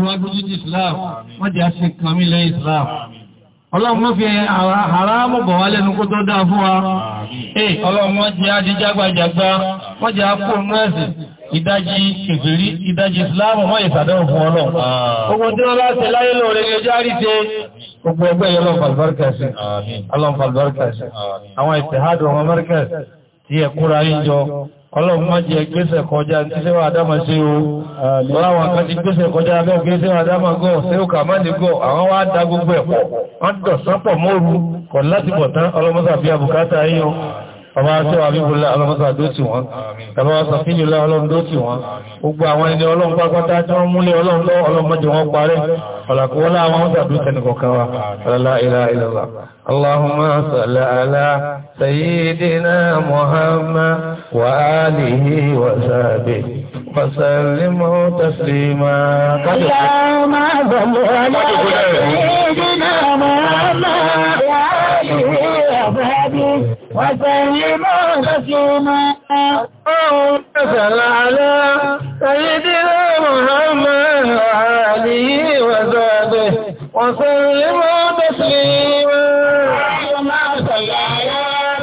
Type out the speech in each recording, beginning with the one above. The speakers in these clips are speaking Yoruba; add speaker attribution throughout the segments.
Speaker 1: fi wá Islam wọ́n jẹ́ àṣẹ kan mí Islam ọlọ́run mọ́ fi haramu bọ̀ wá lẹ́nu kó tó dáa fún wa ee ọlọ́run wọ́n jẹ́ adíjágbàjàgbà wọ́n jẹ́ àpò ìdájí ìfèrí ìdájí Islam wọ́n ìsàdánwò fún ọlọ́run ogun tí wọ́n bá ṣe láyé lóore ẹjọ́ àríṣe gbogbo ẹgbẹ́ ọlọ́run falbarkasi ọlọ́run falbarkasi àwọn ìtẹ̀hádùn ọmọ ọlọ́run má jẹ gbéṣẹ̀ kọjá tí sẹ́wà àdámà ṣe o lọ́láwọn kan ti gbéṣẹ̀ kọjá abẹ́gbẹ́ sẹ́wà àdámà gọ́ sẹ́wà àmáni gọ́ àwọn wá dá gbogbo ẹ̀pọ̀ wọ́n dọ̀sánpọ̀ mọ́rú kọ̀ láti bọ̀tán ọlọ́mọ́sàfíà bùkátà yíò ọmọ aṣọ́ àbíbùlá ọlọ́mọ́sá dótì wọn ẹ̀bọ́ sàfíìlá ọlọ́run dótì wọn gbogbo àwọn ẹni ọlọ́run pápátá tí wọ́n múlé ọlọ́run lọ ọlọ́mọdé wọn parẹ́ ọ̀làkúwọ́lá wọn sàdútẹ̀ nìkọ̀kan wa ọlọ́lá ilá ilọ̀lá اللهم صل على سيدنا محمد وآله وصحبه وسلم تسليما
Speaker 2: وسلموا تسليما اللهم
Speaker 1: صل على سيدنا محمد وآله وصحبه وسلموا تسليما اللهم صل على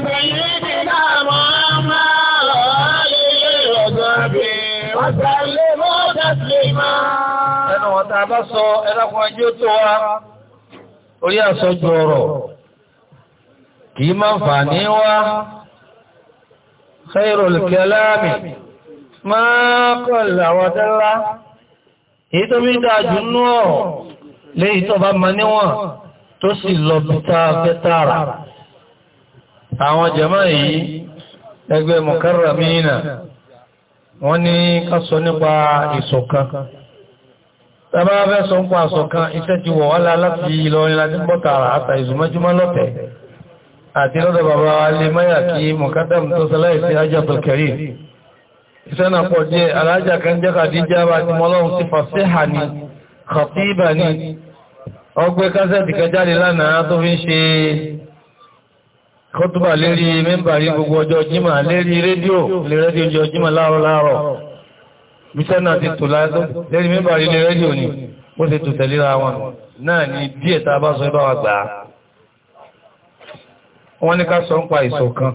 Speaker 1: سيدنا محمد وآله وصحبه وسلموا تسليما ẹnu ọ̀tá bá sọ ẹlẹ́kùnrin yóò tó wá orí àsọjú ọ̀rọ̀ kì í máa fà ní wá khairul kalami máa kọ̀lù àwọn tẹ́lá èyí tó bí dájú náà lè ìtọ́bá ma níwọ̀n tó sì lọ bíta fẹ́tàrà àwọn jẹ́mọ́ yìí ẹgbẹ́ mukarramina wọ́n ní ká nípa ìṣọ̀kan tàbá fẹ́ sọ nípa ìṣọ̀kan iṣẹ́ ti wọ̀ láti Ìlọrin láti bọ́tàrà àtà ìzùmọ́júmọ́ lọ́tẹ̀ẹ́ àti lọ́dọ̀ bàbá alẹ́mọ́yà kí mọ̀kádàm tó sọláìsí ajatul karim ìsẹ́nà pọ̀ jẹ́ alájà kan jẹ́ kàdíjá bá ti mọ́lọ́run sí fàṣíhà ni khatiba ni ọgbẹ́ kásẹ̀tì kẹjáde lánàá tó fi ń ṣe kọ́tùbà lérí mẹ́mbàrí gbogbo ọjọ́ jímà lérí rédíò lè rédíò ọjọ́ jímà láàrọ̀ láàrọ̀ mísẹ́nà ti ni ó ti tò tẹ̀léra wọn náà ni díẹ̀ tá wọ́n ní ká sọ ń pa ìṣọ̀kan.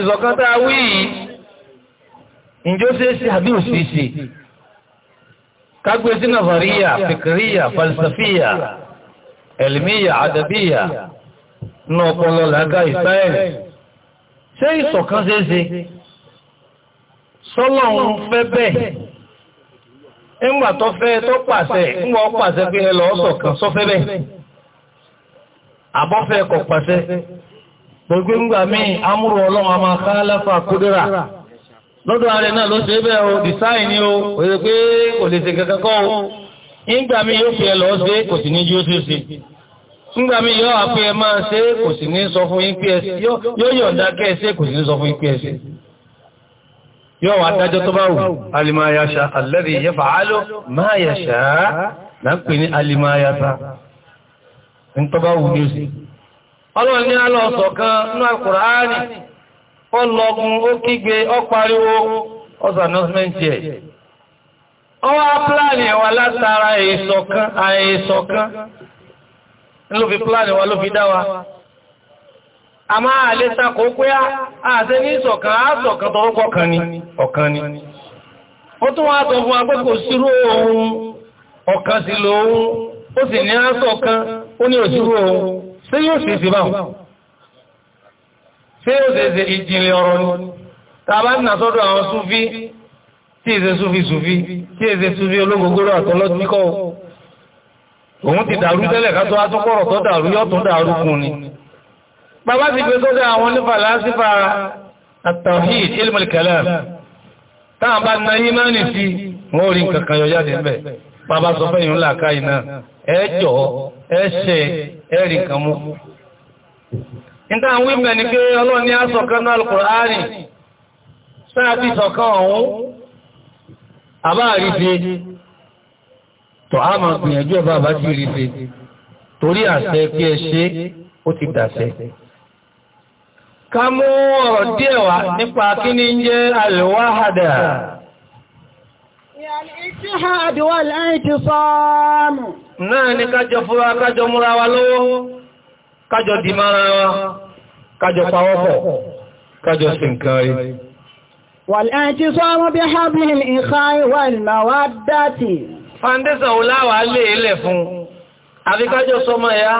Speaker 1: ìṣọ̀kan tá a wí yìí ǹjọ́ ṣe é ṣe àbí òṣìṣẹ́ kágbé e sí nàfàríyà fìkìríyà falsafíyà ẹ̀lmíyà àdàbíyà ní ọpọlọ làákà ìsáyẹ̀lì ṣé ìṣọ̀kan ṣe é ṣe sọ́lọ́ ń fẹ́ bẹ́ẹ̀ ńgbà tó fẹ́ tó pàṣẹ ńgbà ó pàṣẹ pé ẹ lọ́ọ́ ṣọ̀kan sọ́fẹ́ bẹ́ẹ̀ àbọ́fẹ́ kọ̀ pàṣẹ gbogbo amuru míì amúrò ọlọ́run a máa kálẹ́fà kúdúrà lọ́dọ̀ ààrẹ náà ló ṣe bẹ́ẹ̀ o design ni o kò lè pé kò lè ṣe kankan kọ́ o ńgbà míì yóò fi ẹ lọ ṣe kò sì ní jí ó ṣe ṣe ńgbà míì yóò àpé ẹ máa ṣe kò sì ní sọ fún yín pé ẹ yóò yọ̀ǹda kẹ́ ẹ ṣe kò sì ní sọ fún yín pé ẹ ṣe yóò wá dájọ́ tó bá wù alimayasa alladhi yaf'alu ma yasha náà pè ní alimayasa ntọ́ba wù ní oṣù. ọlọ́run ní alọ́ ọ̀sọ̀ kan nínú àkùránì ó lọ́gun ó kígbe ó pariwo ọ̀sọ̀ anọ́símẹ́ntì ẹ̀. ọwọ́ pílánì wa látara èsọ̀kan ló fi pílánì wa ló fi dá wa. a máa lè pé àṣẹ ní kan ni ọ̀kan ni. ó tún wá sọ fún wa pé kò ọ̀kan ó ní òṣìrò ohun ṣé yóò ṣe ṣe báwọn ṣé yóò ṣe ṣe ìjìnlẹ̀ ọ̀rọ̀ ni tàbá ní àsọ́dọ̀ àwọn súfí tí èsè súfí súfí tí èsè súfí ológogoro àtọlọ́dúnkọ́ òun ti dàrú tẹ́lẹ̀ kátó atúkọ̀rọ̀ tó dàrú yóò tún dàrú kùn ni bàbá ti gbé sọ́dọ̀ àwọn onífàlásífà àtàwíd ilmul kalam táwọn bá na yí máa sí wọn rí nǹkan kan yọ ẹjọ́ ẹṣẹ́ ẹ̀rì kan mú. níta àwọn ìbẹ̀ ni pé ọlọ́ni asọ̀kan náà Al-Qur'ani sáàtì sọ̀kan ọ̀hún àbáàrífe tọ̀ á máa gbìyànjú ẹ̀bá àbá sí rífe torí àṣẹ kí ẹ ṣe ó ti dàṣẹ. ká mú ọ̀rọ̀ díẹ̀ wá nípa kí ní jẹ́ al ala يعني الاجتهاد والاعتصام náà ni kájọ fúra kájọ múra wa lọ́wọ́ kájọ dìmára wa kájọ pawọ́pọ̀ kájọ sí nǹkan rí والاعتصام بحبل الإخاء والمودة fàndẹ́sà ò láwàá lè ilẹ̀ fún àfikájọ sọmọ ẹ̀yà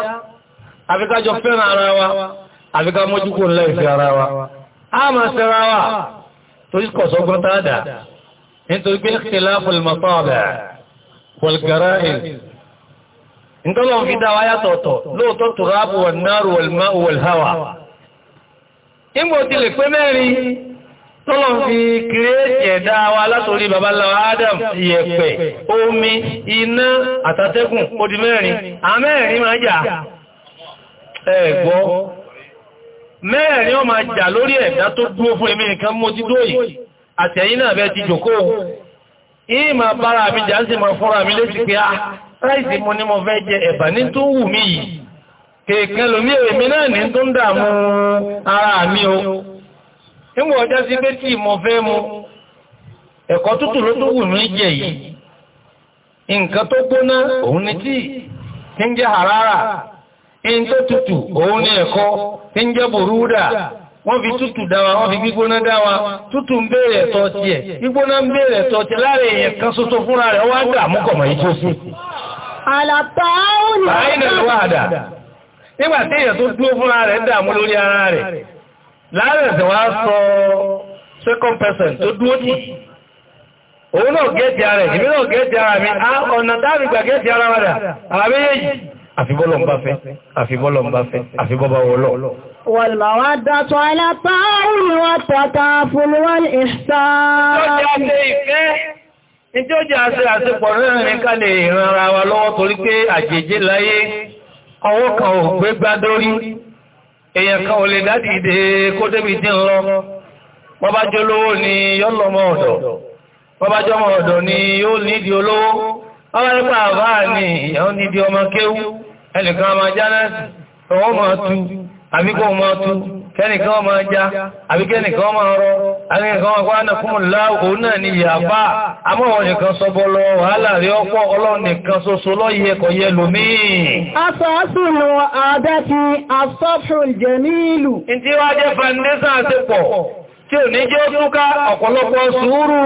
Speaker 1: àfikájọ fẹ́ràn ara wa àfiká mójúkò ńlẹ̀ ara wa a máa sẹ́ra wa torí kọ̀sọ́ gbọ́tàdà nítorí pé ikhtilaful matabi' wal gara'in nítorí wọn fi dá wa yàtọ̀ọ̀tọ̀ lóòótọ́ tòrábù wọn náàrù wọlmá wọlháwà ìgbò ti lè pé mẹ́rin tọ́lọ̀ fi kìrìẹ́tì ẹ̀dá wa látòrí babaláwa Adam ìyẹ̀pẹ̀ omi iná àtàtẹ́kùn ó di mẹ́rin àmẹ́rin máa jà ẹ̀gbọ́ mẹ́rin ó máa jà lórí ẹ̀dá tó dúró fún èmi nìkan mọ́ ti dóyì àtẹ̀yìn náà bẹ́ẹ̀ ti jòkó ìmà bára mi jà ń sì máa fọ́ra mi létí pé á ah, ráìsì mo ní mo fẹ́ jẹ ẹ̀bà ní tó wù mí yìí kèèkàn lómi èmi náà ní tó ń dààmú ara mi o níwọ̀n ọjọ́ sí pé tí mo fẹ́ mu ẹ̀kọ́ tútù ló tó wù mí jẹ yìí nǹkan tó gbóná òun ni tí ń jẹ́ harara in tó tútù òun ni ẹ̀kọ́ tí ń jẹ́ bòrúdà wọ́n fi tútù dáwa wọ́n fi gbígbóná dáwa tútù ń béèrè ẹ̀tọ́ tiẹ̀ gbígbóná ń béèrè ẹ̀tọ́ tiẹ̀ láàrin èèyàn kan ṣoṣo fúnra rẹ̀ wọ́n á dààmú kọ̀mọ̀ yìí tó sí àlàtàáwùn àìnàlúwàdà nígbà tí èyàn tó dúró fúnra rẹ̀ òun náà gẹ́ẹ̀tì ara rẹ̀ ìbí náà gẹ́ẹ̀tì ara mi ọ̀nà dáàrùgbà gẹ́ẹ̀tì ara wádà àbí yéyìí àfibọ́lọ̀ ń bá fẹ́ àfibọ́lọ̀ ń bá fẹ́ àfibọ́bá wọlọ́ wàlmàwádàtọ̀ alátàáwùn wàtàkà Ìjọ́ jẹ́ àṣẹ àṣepọ̀ náà ní ká lè ara wa lọ́wọ́ torí pé àjèjì láyé ọwọ́ kan ò gbé gbá dórí. Èèyàn kan ò lè dádì ìdè kó débi ń lọ. ni yọ́ ọ̀dọ̀. Wọ́n bá ọ̀dọ̀ ni yóò nídi olówó. Wọ́n àbá ni ìyàn nídi ọmọ kéwú. kẹ́nìkan ọmọ ajá àbí kẹ́nìkan ọmọ ọrọ̀ àríkẹ́nìkan ọmọ pàánà fún láàá òun náà ni ìyàbá amọ́wọ̀n nìkan sọbọ lọ wàhálà rí ọpọ̀ ọlọ́run nìkan ṣoṣo lọ́yẹ ẹ̀kọ́ yẹ lómí tí ò ní jẹ́ túká ọ̀pọ̀lọpọ̀ sùúrù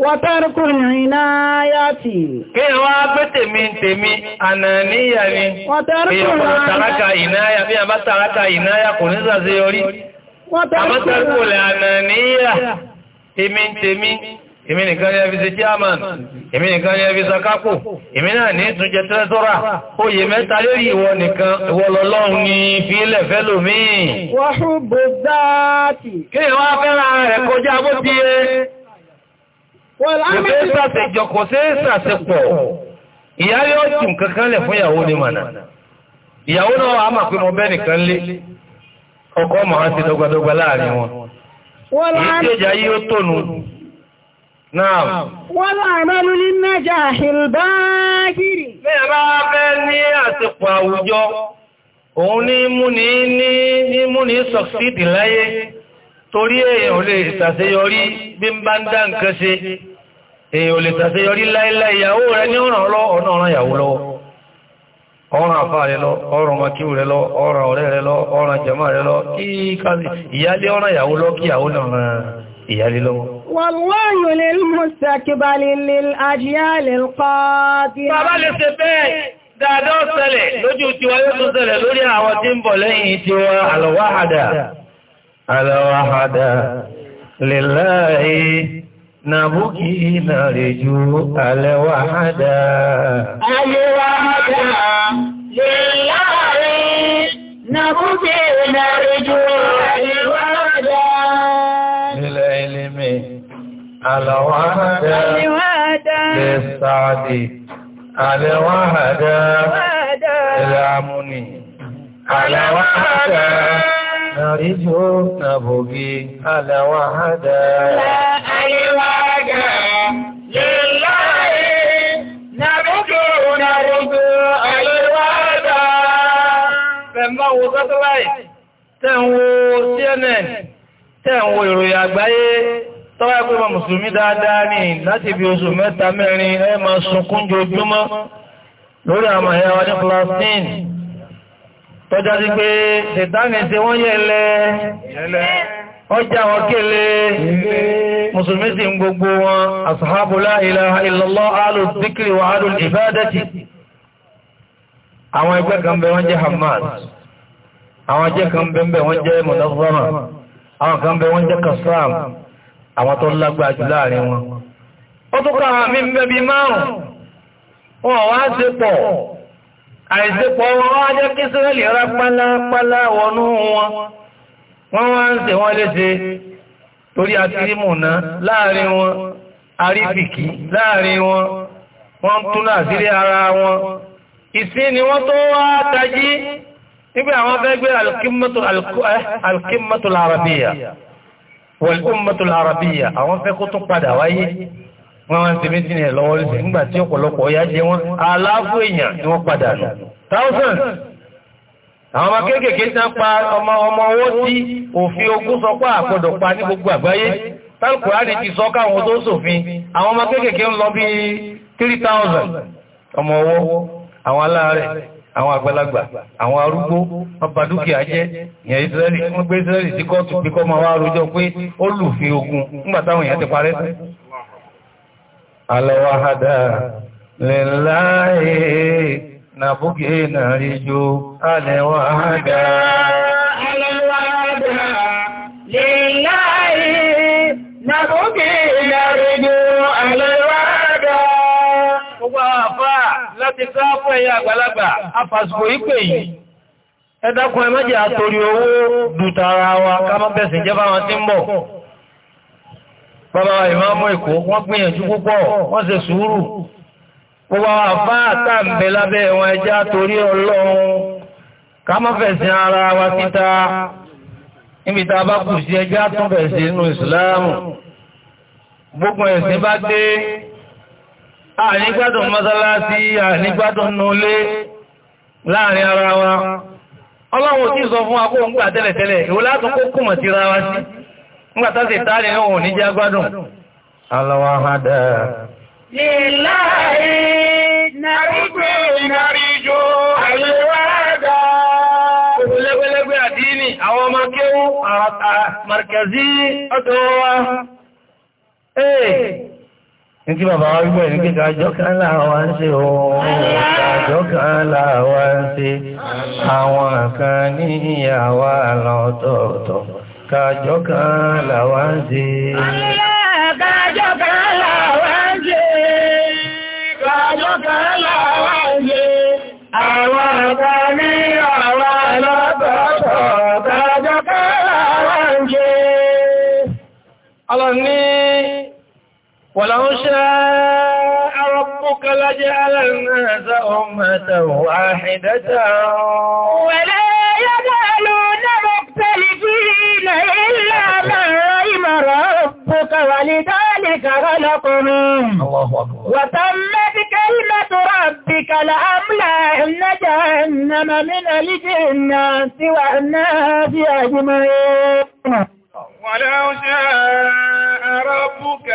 Speaker 1: Wàtàrùkù ìrìnáyàtì. Kí wá pé tèmi tèmi, ànàníyà ni, Wàtàrùkù ìrìnáyà bí a bá tàrákà ìnáyà kò ní sàṣe orí. Wàtàrùkù ìrìnáyà, tèmi tèmi, èmi nìkan ni a fi ṣe chairman, èmi nìkan ni a fi sàkápò, èmi náà ní ìtúnjẹ tẹ́sọ́rà, oyè mẹ́ta lérí ìwọ nìkan, ìwọ lọ́lọ́run ni fílẹ̀ fẹ́ lòmíì. Wàhùn bò dáàtì. Kí wá fẹ́ràn rẹ̀ kọjá bó ti yẹ kò sí sàṣẹjọ kò sí sàṣẹpọ̀ ìyá yóò tì kankan lẹ̀ fún ìyàwó ní mànà ìyàwó náà wà á mà pé mo bẹ́ nìkan lé ọkọ ọmọ wọn ti dọ́gbadọ́gba láàrin wọn èyí tí ìjà yìí ó tónu náà. wọ́n láàmọ́lú ní mẹ́jà ìlbáàgìrì. mẹ́ra bẹ́ ní àtìpọ̀ àwùjọ òun ní múni ní ní múni sọ̀sídì láyé torí èèyàn lè ṣàṣeyọrí bí ń bá ń dá nǹkan ṣe èyàn ò lè tàṣẹ yọrí láìlá ìyàwó rẹ ní ọ̀ràn lọ ọ̀nà ọ̀ràn ìyàwó lọ ọ̀ràn àfà rẹ lọ ọ̀ràn makíwù rẹ lọ ọ̀ràn ọ̀rẹ́ rẹ lọ ọ̀ràn jẹmọ́ rẹ lọ kí káàkiri ìyálé ọ̀ràn ìyàwó lọ kí ìyàwó lọ́wọ́ Wàlúwàyò Nàbúkì iná rẹ̀ ju àlẹ́wà ádá. Àlẹ́wà ádá
Speaker 2: lè láàrin, nàbúkì iná rẹ̀ ju àlẹ́wà ádá.
Speaker 1: Nílẹ̀ ilimi, àlẹ́wà ádá lè sáàdì, àlẹ́wà ádá lè àmúni, àlẹ́wà ádá nàrí ju nàbúkì àlẹ́wà ádá. ń bá wo sátẹ́láìtì tẹ́ ń wo CNN tẹ́ ń wo ìròyìn àgbáyé tọ́wọ́ ẹgbẹ́ ma mùsùlùmí dáadáa ní láti bí oṣù mẹ́ta mẹ́rin ẹ máa sunkún jojúmọ́ lórí ẹ̀yà wa ní àwọn jẹ́ kan bẹ́ẹ̀ wọ́n jẹ́ mọ̀lọ́fọ́mà àwọn kan bẹ́ẹ̀ wọ́n jẹ́ kasam àwọn tó lágbàá jù láàrin wọn ó tó kọ́ àwọn mí bẹ́bí márùn wọn wá ṣe pọ̀ àìṣepọ̀ wọn wá jẹ́ kí Ísírẹ́lì rá pálápálá wọnú wọn wọ́n wá ń ṣe wọ́n léṣe torí àtìrímùná láàrin wọn aríbìkí láàrin wọn wọ́n tún láàsírí ara wọn ìsìn ni wọ́n tó wá tají nígbà àwọn fẹ́ gbé alkimmatul eh, arabiya wal-ummatul arabiya àwọn fẹ́ kó tún padà wáyé wọ́n wọ́n ti méjì ní ẹ̀lọ́wọ́ lè nígbà tí ọ̀pọ̀lọpọ̀ ya jẹ wọ́n aláàfò èèyàn ni wọ́n padà lọ thousands àwọn ọmọ kéékèèké tí wọ́n pa ọmọ ọmọ owó tí òfin ogún sọ pé àgbọ̀dọ̀ pa ní gbogbo àgbáyé tálùkùránì ti sọ káwọn tó sòfin àwọn ọmọ ń lọ bí 3000 ọmọ owó àwọn aláàárẹ̀ àwọn àgbàlagbà àwọn arúgbó wọ́n bà dúkìá jẹ́ ìyẹn Israeli wọ́n gbé Israeli sí kọ́ọ̀tù bí ma wá rojọ́ pé ó lùfin ogun nígbà èèyàn ti parẹ́ sí alawahada lillahi nàbúgẹ́nà ríjò alawahada alawahada
Speaker 2: lillahi nàbúgẹ́ ti ká fún ẹ̀yin àgbàlagbà afàsìkò ìpè yìí
Speaker 1: ẹ dákun ẹ má jẹ́ àtòrí owó dùtàrà wa ká má bẹ̀sì jẹ́ bá wọn tí ń bọ̀ bàbá ìmáàmù èkó wọ́n gbìyànjú púpọ̀ wọ́n ṣe sùúrù gbogbo àwọn àfáà àtàǹbẹ̀ lábẹ́ wọn ẹjá torí ọlọ́run ká má ara wa títa níbi tá a bá kù sí ẹjá tún fẹ̀sì inú ìsìláàmù gbogbo ẹ̀sìn bá dé ànígbádùn mọ́sálásí ànígbádùn nulé láàrin ara wa ọlọ́run tí sọ fún wa ń gbà tẹ́lẹ̀tẹ́lẹ̀ ìwò látún kó kùmọ̀ sí ra wa sí nígbàtá sì táàrí náà ò ní jágbádùn aláwáhádà líláàrí nàrígbé nàríjò àyíwáàdà pẹ̀lẹ́gbẹ̀lẹ́gbẹ̀ àdínì àwọn ọmọ kéwú àmàrkẹ̀zí ní kí bàbá wa gbọ́ ìrìn kíkà àjọ kan láwa ń ṣe ohun àjọ kan láwa ń ṣe àwọn kan ní ìyàwó lọ́tọ̀ọ̀tọ̀ kàjọ kàjọ kan láwa ń ṣe àwọn kan ní ولو شاء ربك لجعل الناس أمة واحدة ولا يزالون مختلفين إلا من علم ربك ولذلك خلقهم وتمت كلمة
Speaker 2: ربك لأملأن جهنم من الجنة والناس أجمعين ولو شاء ربك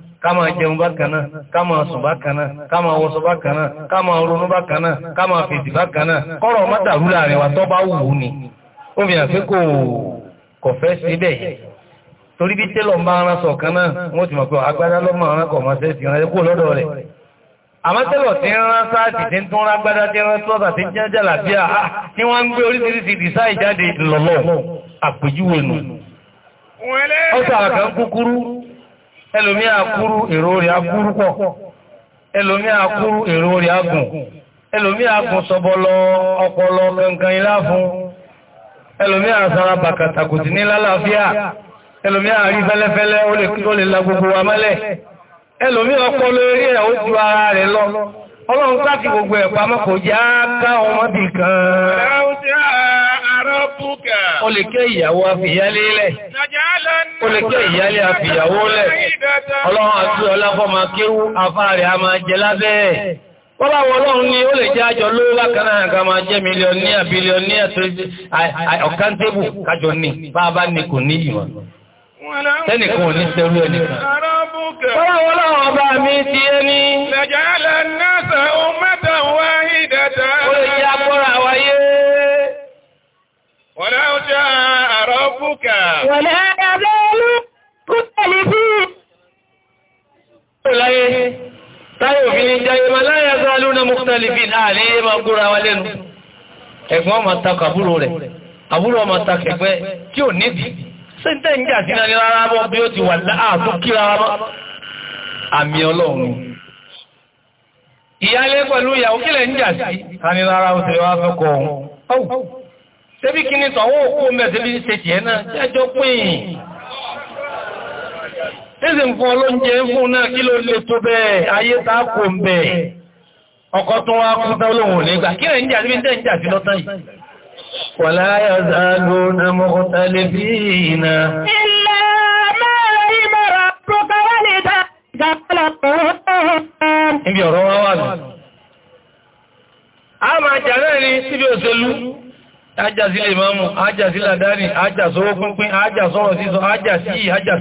Speaker 1: ká máa jẹun bákan náà ká máa sùn bákan náà ká máa wọṣọ bákan náà ká máa ronú bákan náà fèsì bákan náà kọ́rọ̀ mọ́tàrú láàrin wa tó bá wù ú ni ó fi hàn pé kò kò fẹ́ síbẹ̀ torí bí tẹ́lọ̀ ń bá ara sọ kan náà wọ́n ti mọ̀ pé agbádá lọ́mọ ara kọ̀ mọ́ sẹ́sì rẹ̀ kó lọ́dọ̀ rẹ̀ àmọ́ tẹ́lọ̀ tí ń rán sáàtì tí ń tún rán gbádá tí ń rán sọ́tà tí ń jẹ́jà làbíà ah, tí wọ́n ń gbé oríṣiríṣi ìdìsá ìjáde lọ́lọ́ àpèjúwe nù ọ̀sà àkàn kúkúrú ẹlòmí àkúrú èrò rẹ̀ àkúrú pọ̀ ẹlòmí àkúrú èrò rẹ̀ àgùn ẹlòmí àgùn sọbọlọ ọpọlọ kankan ilá fún ẹlòmí àsára bàkàtà kò sí ní lálàáfíà ẹlòmí àrí fẹ́lẹ́fẹ́lẹ́ ó lè la gbogbo wa mẹ́lẹ̀ ẹlòmí ọpọlọ eré ẹ̀ ó ju ara rẹ̀ lọ ọlọ́run gbogbo ẹ̀ pamọ́ kò já ká ọmọdé
Speaker 2: O lè ké ìyàwó àfìyálé lẹ̀. O lè ké ìyálé àfìyàwó lẹ̀.
Speaker 1: Ọlọ́run àti ọláfọ́mà kéwú afárẹ̀ a máa jẹ lábẹ́ ẹ̀. Wọ́n bá wọ ọlọ́run ní ó lè jẹ́ àjọ lówó lákanáà ká máa jẹ́ mílíọ̀níà bílíọ̀níà tó ọ̀kántébù kájọ ní bá bá ní kò ní ìwọ̀n. Tẹ́nìkan ò ní ṣerú ẹnìkan.
Speaker 2: Wọ́n Wọ́n láwọn jẹ́ àrọ́ fúkà. Wọ́n láwọn abẹ́ olú kúrò ní bí.
Speaker 1: Ó láyé, táyé òfin ní jẹ́ ìmọ̀ láyé sálú náà múkútàlì bí láàrin yé máa gúnra wa lẹ́nu. Ẹ̀gbọ́n ọmọ takọ̀ àbúrò rẹ̀, àbúrò ọmọ takẹ̀ pẹ́ tí ò níbi. Ṣé ń tẹ́ ń jà sí náà ní rárá mọ́ bí ó ti wà láàtún kíra wa mọ́? Àmì Ọlọ́run. Ìyálé pẹ̀lú ìyàwó kílẹ̀ ń jà sí, ṣebí kí ní tọ̀wọ́ òkú mẹ́ ṣebí ṣe tiẹ̀ náà jẹ́jọ́ pín ṣíṣe nǹkan ń fún náà kí ló lè tó bẹ́ẹ̀ ayé tá kò ọkọ̀ tó wá kú olóhùn nígbà kí rẹ̀ ń jà sí ń jà sí lọ́tàn yìí wàlá yàzàgò na mọ́kọ̀tàlẹ̀ bí iná
Speaker 2: ilẹ̀ mẹ́rin mọ́ra
Speaker 1: ájá sílẹ̀ ìmáàmù ájá sílẹ̀ dání ájá sówó pínpín ájá sọ́rọ̀ sísọ ájá sí ájá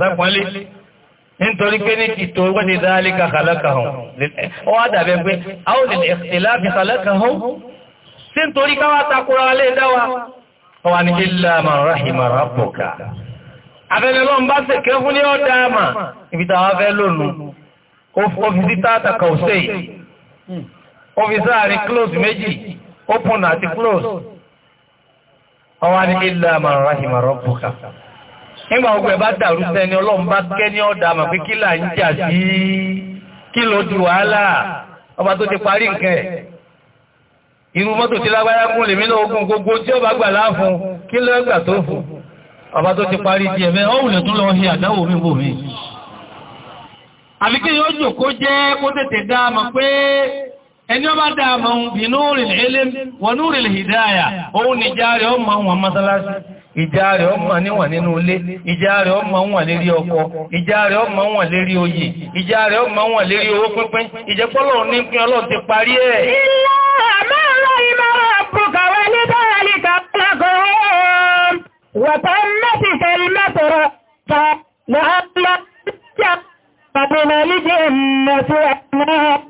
Speaker 1: nítorí pé ní ìtò wọ́n dáálíkà
Speaker 2: a ó close méjì
Speaker 1: open àti close ọwá ní ilẹ̀ àmàràhìmà rọ́bùkà nígbà ogun ẹ̀bá dàrú sẹ́ni ọlọ́run bá kẹ́ ní ọ̀dà àmà pé kí là ń jà sí kí ló di wàhálà ọba tó ti parí nǹkan ẹ̀ irú mọ́tò tí lágbára kún lèmi náà ogun gbogbo tí ọba gbà láàfún kí ló ẹgbà tó fún ọba tó ti parí di ẹ̀mẹ́ ọ̀hùnlẹ̀ tó lọ ṣe àdáwò mi bò mí àbíkẹ́ yóò jòkó jẹ́ kó tètè dá àmà pé ẹni ọba dáàmà ohun bí núrì ilé wọn núrì ìdáyà òun ni ìjà rẹ̀ ọmọ wọn mọ́sálásí ìjà rẹ̀ ọmọ níwọ̀n nínú ilé ìjà rẹ̀ ọmọ wọn lérí ọkọ ìjà rẹ̀ ọmọ wọn lérí oyè ìjà rẹ̀ ọmọ wọn lérí owó pínpín ìjẹpọ́lọ̀ ní pín ọlọ́run ti parí ẹ̀
Speaker 2: وتمت كلمة ربك لأن ربك
Speaker 1: ربنا لجنة أنها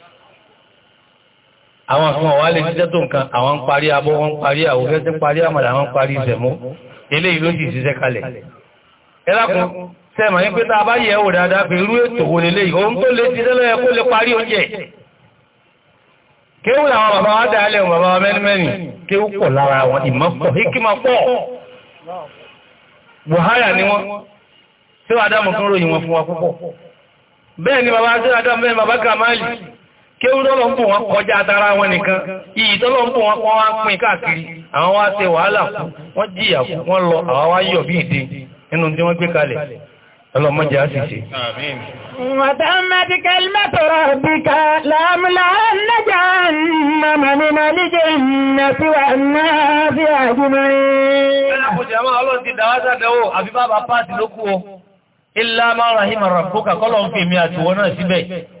Speaker 1: àwọn àwọn wà lè ṣiṣẹ́ tó nǹkan àwọn ń parí abọ́ wọn ń parí àwọ̀ fẹ́ sí parí àmàlà àwọn ń parí ìṣẹ̀mú eléyìí ló jì ṣiṣẹ́ kalẹ̀ ẹlákun sẹ́mà ní pé tá a bá yẹ̀ wò dáadáa pé irú ètò wo lélẹ́yìí ohun tó lè ṣiṣẹ́ lọ́yẹ kó lè ni wọn tí wọ́n adámu tó ròyìn wọn fún wa púpọ̀ bẹ́ẹ̀ ni bàbá kamali kéwúrọ́lọ́ ń bò wọn kọjá tara wọn nìkan iyì tọ́lọ́ ń bò wọn kọ́ wá pín káàkiri àwọn wá ṣe wàhálà kú wọ́n jìyà kú wọ́n lọ àwọn wá yọ̀ bí ìdí nínú tí wọ́n gbé kalẹ̀ ọlọ́mọdé àṣìṣe. wàtàmàtìkẹ́lì mẹ́tọ̀rọ̀ bí ká láàmùlà nájà mọ̀mọ̀mọ̀ níjẹ́ ìnà sí wà náà sí àjúmọ́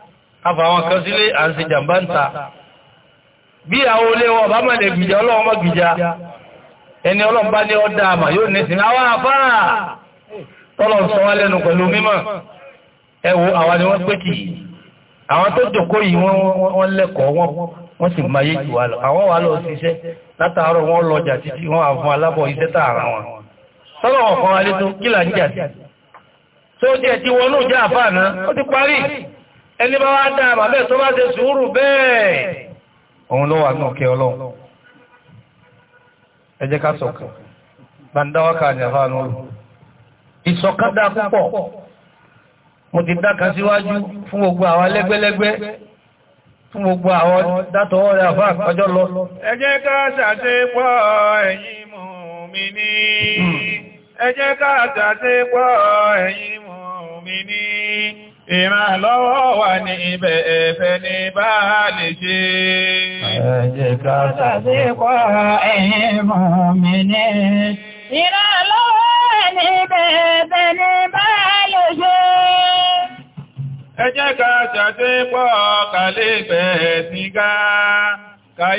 Speaker 1: afàwọn kan sílé à ń ṣe jàmbá ń ta bí àwọn olè wọn bá mọ̀ lè gbìjà ọlọ́run mọ́ gbìjà ẹni ọlọ́run bá ní ọdá àmà yóò ní sinmi àwọn àfáà tọ́lọ̀ sọ wá lẹ́nu pẹ̀lú mímọ̀ ẹ wo ni wọ́n pé kì í àwọn tó jòkó yìí wọ́n lẹ́kọ̀ọ́ wọ́n sì yé jù wá lọ àwọn wà lọ síṣẹ́ látàárọ̀ wọn tọ́lọ̀ wọn tó kí là ẹni bá wá dáa bàbẹ́ tó bá ṣe sùúrù bẹ́ẹ̀ òun ló wà náà kí ọlọ́run ẹjẹ́ ká sọ̀kọ̀ bá ń ní àfáànú ọlọ́ púpọ̀ mo ti dáka síwájú fún gbogbo àwọn lẹ́gbẹ́lẹ́gbẹ́ fún gbogbo àwọn dátọwọ́ lọ
Speaker 2: ẹjẹ́ ká ṣàṣepọ̀ ẹ̀yin mùmínì hmm. ẹjẹ́ ká Ìrànlọ́wọ́ wà ní ibẹ̀ ẹ̀fẹ́ ní bá lè ṣe. Ẹjẹ́ ká tàbí pọ̀ ẹ̀yìn mọ̀ mi ní. Ìrànlọ́wọ́ wà ní ibẹ̀ ẹ̀fẹ́ ní bá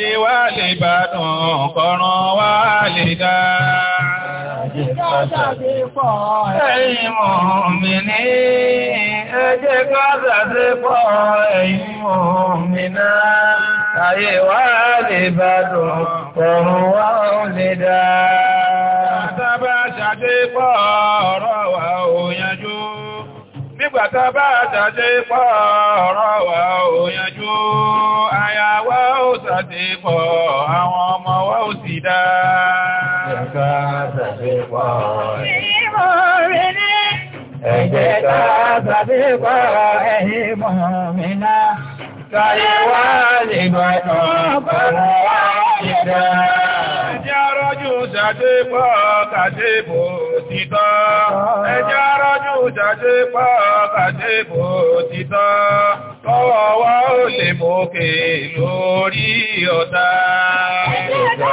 Speaker 2: lè wá lè bàdùn, kọ̀ràn wá lè dá. ẹ̀yìn mọ̀ mi ní jẹ́ káàdà sí pọ̀
Speaker 1: ẹ̀yìn òmìnà ayé wá lè bá dùn ọ̀run
Speaker 2: wá ń lè dá. Àtàbà ṣàdé pọ̀ ọ̀rọ̀ wa ò yanjú. Nígbàtà bá ṣàdé pọ̀ ọ̀rọ̀ wa ò yanjú. Aya wa pọ̀ àwọn ọmọ wa ò sì dá
Speaker 1: ìjẹta tàbí kọ́
Speaker 2: ẹ̀yìn mọ̀mìnà. Sọ̀rí wá lè gbọ́dọ̀ kọ́rọ̀ wá ìdá. Ẹjẹ́ rọ́jú ṣàdé pọ̀ kàdé bò títọ́. Ẹjẹ́ rọ́jú ṣàdé pọ̀ kàdé bò títọ́. Kọ́wọ́ wá ó lè mókè lórí ọ̀tá.